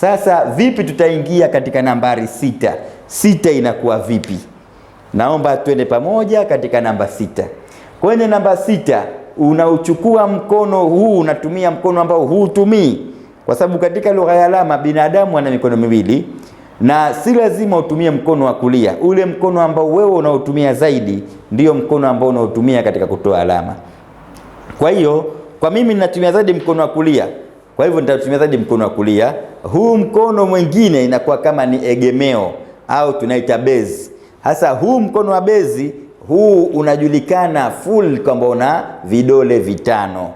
Sasa vipi tutaingia katika nambari sita? Sita inakuwa vipi? Naomba twende pamoja katika namba sita. Kwenye namba sita unauchukua mkono huu, unatumia mkono ambao huutumii, kwa sababu katika lugha ya alama binadamu ana mikono miwili na si lazima utumie mkono wa kulia. Ule mkono ambao wewe unaotumia zaidi ndio mkono ambao unaotumia katika kutoa alama. Kwa hiyo, kwa mimi ninatumia zaidi mkono wa kulia. Kwa hivyo nitatumia zaidi mkono wa kulia. Huu mkono mwingine inakuwa kama ni egemeo au tunaita bezi. Hasa huu mkono wa bezi huu unajulikana full kwamba una vidole vitano,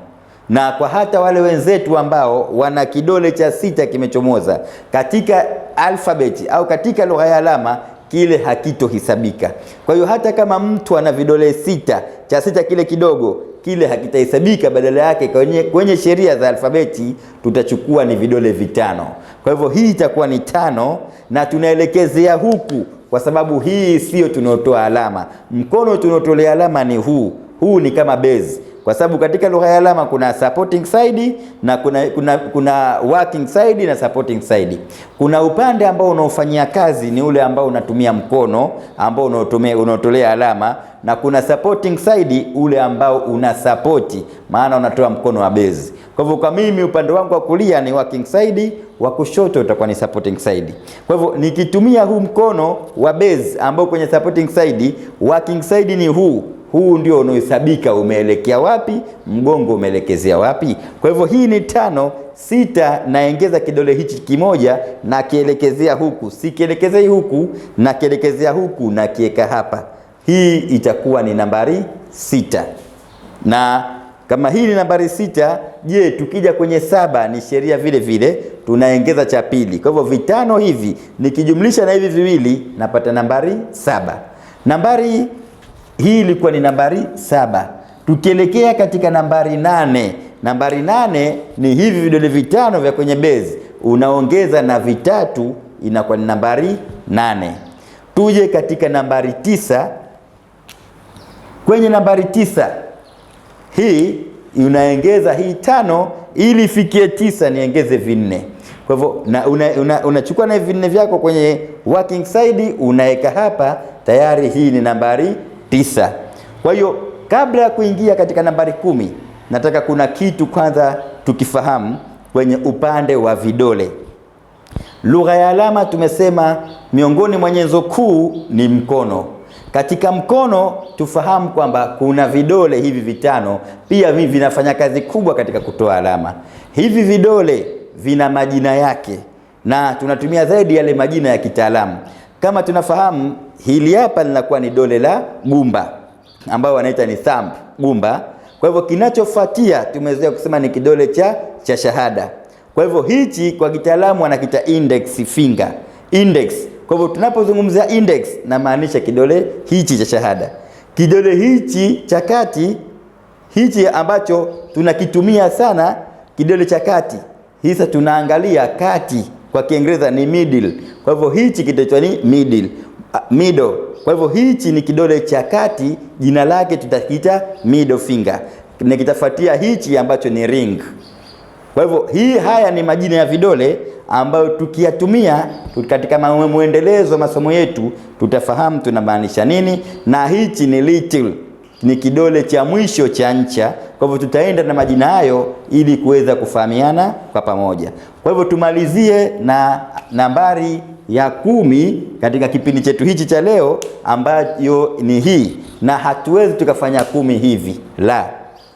na kwa hata wale wenzetu ambao wana kidole cha sita kimechomoza katika alfabeti au katika lugha ya alama kile hakitohesabika. Kwa hiyo hata kama mtu ana vidole sita, cha sita kile kidogo kile hakitahesabika, badala yake kwenye, kwenye sheria za alfabeti tutachukua ni vidole vitano. Kwa hivyo hii itakuwa ni tano na tunaelekezea huku, kwa sababu hii sio tunaotoa alama. Mkono tunaotolea alama ni huu, huu ni kama base kwa sababu katika lugha ya alama kuna supporting side na kuna, kuna, kuna working side na supporting side. Kuna upande ambao unaofanyia kazi ni ule ambao unatumia mkono ambao unaotumia unaotolea alama, na kuna supporting side ule ambao una support, maana unatoa mkono wa base. Kwa hivyo kwa mimi upande wangu wa kulia ni working side, wa kushoto utakuwa ni supporting side. Kwa hivyo nikitumia huu mkono wa base ambao kwenye supporting side, working side ni huu huu ndio unaohesabika umeelekea wapi, mgongo umeelekezea wapi. Kwa hivyo hii ni tano sita, naengeza kidole hichi kimoja na kielekezea huku, sikielekezei huku na kielekezea huku na kieka hapa. Hii itakuwa ni nambari sita. Na kama hii ni nambari sita, je, tukija kwenye saba ni sheria vile vile, tunaengeza cha pili. Kwa hivyo vitano hivi nikijumlisha na hivi viwili napata nambari saba. Nambari hii ilikuwa ni nambari saba. Tukielekea katika nambari nane, nambari nane ni hivi vidole vitano vya kwenye bezi unaongeza na vitatu, inakuwa ni nambari nane. Tuje katika nambari tisa. Kwenye nambari tisa hii unaongeza hii tano ili ifikie tisa, niongeze vinne. Kwa hivyo unachukua una, na vinne vyako kwenye working side unaweka hapa, tayari hii ni nambari tisa. Kwa hiyo kabla ya kuingia katika nambari kumi, nataka kuna kitu kwanza tukifahamu kwenye upande wa vidole. Lugha ya alama tumesema miongoni mwa nyenzo kuu ni mkono. Katika mkono tufahamu kwamba kuna vidole hivi vitano, pia hivi vinafanya kazi kubwa katika kutoa alama. Hivi vidole vina majina yake na tunatumia zaidi yale majina ya kitaalamu. Kama tunafahamu hili hapa linakuwa ni dole la gumba ambayo wanaita ni thumb gumba. Kwa hivyo kinachofuatia tumezoea kusema ni kidole cha, cha shahada. Kwa hivyo hichi kwa kitaalamu wanakita index finger, index. Kwa hivyo tunapozungumzia index, namaanisha kidole hichi cha shahada, kidole hichi cha kati, hichi ambacho tunakitumia sana, kidole cha kati. Hisa tunaangalia kati, kwa Kiingereza ni middle. Kwa hivyo hichi kitaitwa ni middle. Ah, middle. Kwa hivyo hichi ni kidole cha kati, jina lake tutakiita middle finger, na kitafuatia hichi ambacho ni ring. Kwa hivyo hii, haya ni majina ya vidole ambayo tukiyatumia katika muendelezo wa masomo yetu tutafahamu tunamaanisha nini, na hichi ni little ni kidole cha mwisho cha ncha. Kwa hivyo tutaenda na majina hayo ili kuweza kufahamiana kwa pamoja. Kwa hivyo tumalizie na nambari ya kumi katika kipindi chetu hichi cha leo, ambayo ni hii, na hatuwezi tukafanya kumi hivi la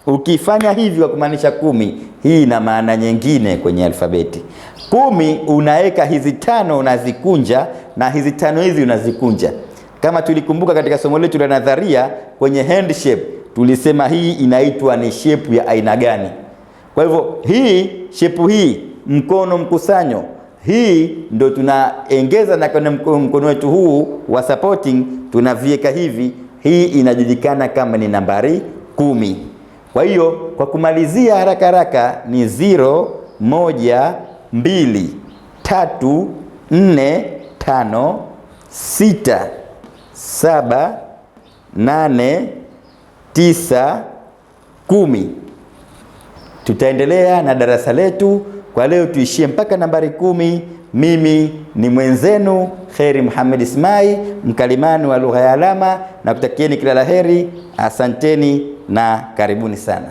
Ukifanya hivi kwa kumaanisha kumi, hii ina maana nyingine kwenye alfabeti. Kumi unaweka hizi tano unazikunja, na hizi tano hizi unazikunja kama tulikumbuka katika somo letu la nadharia kwenye hand shape, tulisema hii inaitwa ni shape ya aina gani? Kwa hivyo hii shape hii mkono mkusanyo hii ndio tunaengeza na kwenye mkono wetu huu wa supporting tunavieka hivi, hii inajulikana kama ni nambari kumi. Kwa hiyo kwa kumalizia haraka haraka ni 0 1 2 3 4 5 6 saba, nane, tisa, kumi. Tutaendelea na darasa letu kwa leo, tuishie mpaka nambari kumi. Mimi ni mwenzenu Kheri Muhammad Ismail, mkalimani wa lugha ya alama, na kutakieni kila la heri. Asanteni na karibuni sana.